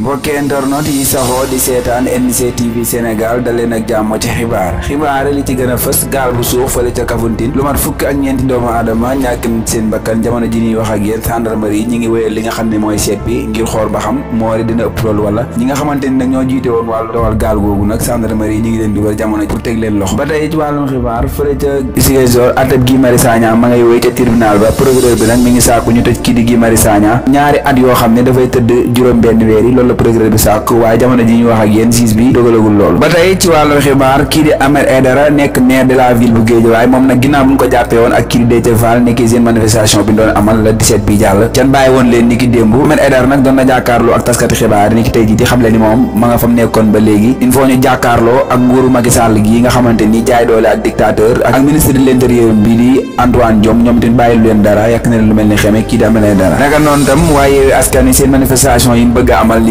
mbokki internet yi saxoo di seetaan NC TV Sénégal daleen ak jàmm ci xibaar xibaar li ci gën a fës gaal bu suux fële ca Kafountine lu mat fukk ak ñeenti doomu aadama ñàkk nañ seen bakkan jamono ji ñuy wax a yéen gendarmerie yi ñi ngi wéyal li nga xam ne mooy seet bi ngir xool ba xam moori dina ëpp loolu wala ñi nga xamante ni nag ñoo jiite woon wàllu dawal gaal googu nag gendarmerie yi ñi ngi leen dugal jamono pour teg leen loxo ba tey ci wàllum xibaar fële ca Ziguinchor atab Guy Marius Sagna ma ngay wéy ca tribunal mi ngi saaku ñu tëj kii di Guy Marius Sagna at yoo xam ne dafay tëdd juróom benn weer yi loolu la procureur bi sàkk waaye jamono ji ñu wax ak yéen siis bi dogalagul loolu ba tey ci wàllu xibaar kii di Ahmed Aidara nekk maire de la ville bu Guédiawaye moom nag ginnaaw bu ñu ko jàppee woon ak kii di Déthié Fall nekkee seen manifestation bi doon amal la 17 bi jàll can bàyyi woon leen ni ki démb Ahmed Aidara nag doon na jàkkaarloo ak taskati xibaar ni tey ji di xam le ni moom ma nga fam nekkoon ba léegi il faut ñu jàkkaarloo ak nguuru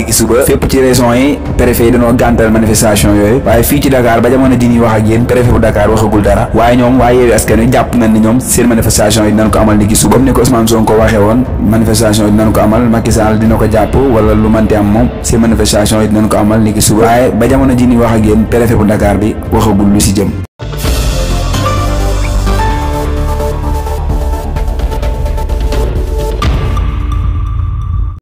léegi suba fépp ci régions yi préfet yi dañoo gàntal manifestation yooyu waaye fii ci Dakar ba jamono ji ñuy wax ak yéen préfet bu Dakar waxagul dara waaye ñoom waaye yeewi askan wi jàpp nañ ni ñoom seen manifestation yi dinañ ko amal ni ki suba comme ni ko Ousmane Sonko waxee woon manifestation yi dinañ ko amal Macky Sall dina ko jàpp wala lu manti am moom seen manifestation yi dinañ ko amal ni ki suba waaye ba jamono ji ñuy wax ak yéen préfet bu Dakar bi waxagul lu si jëm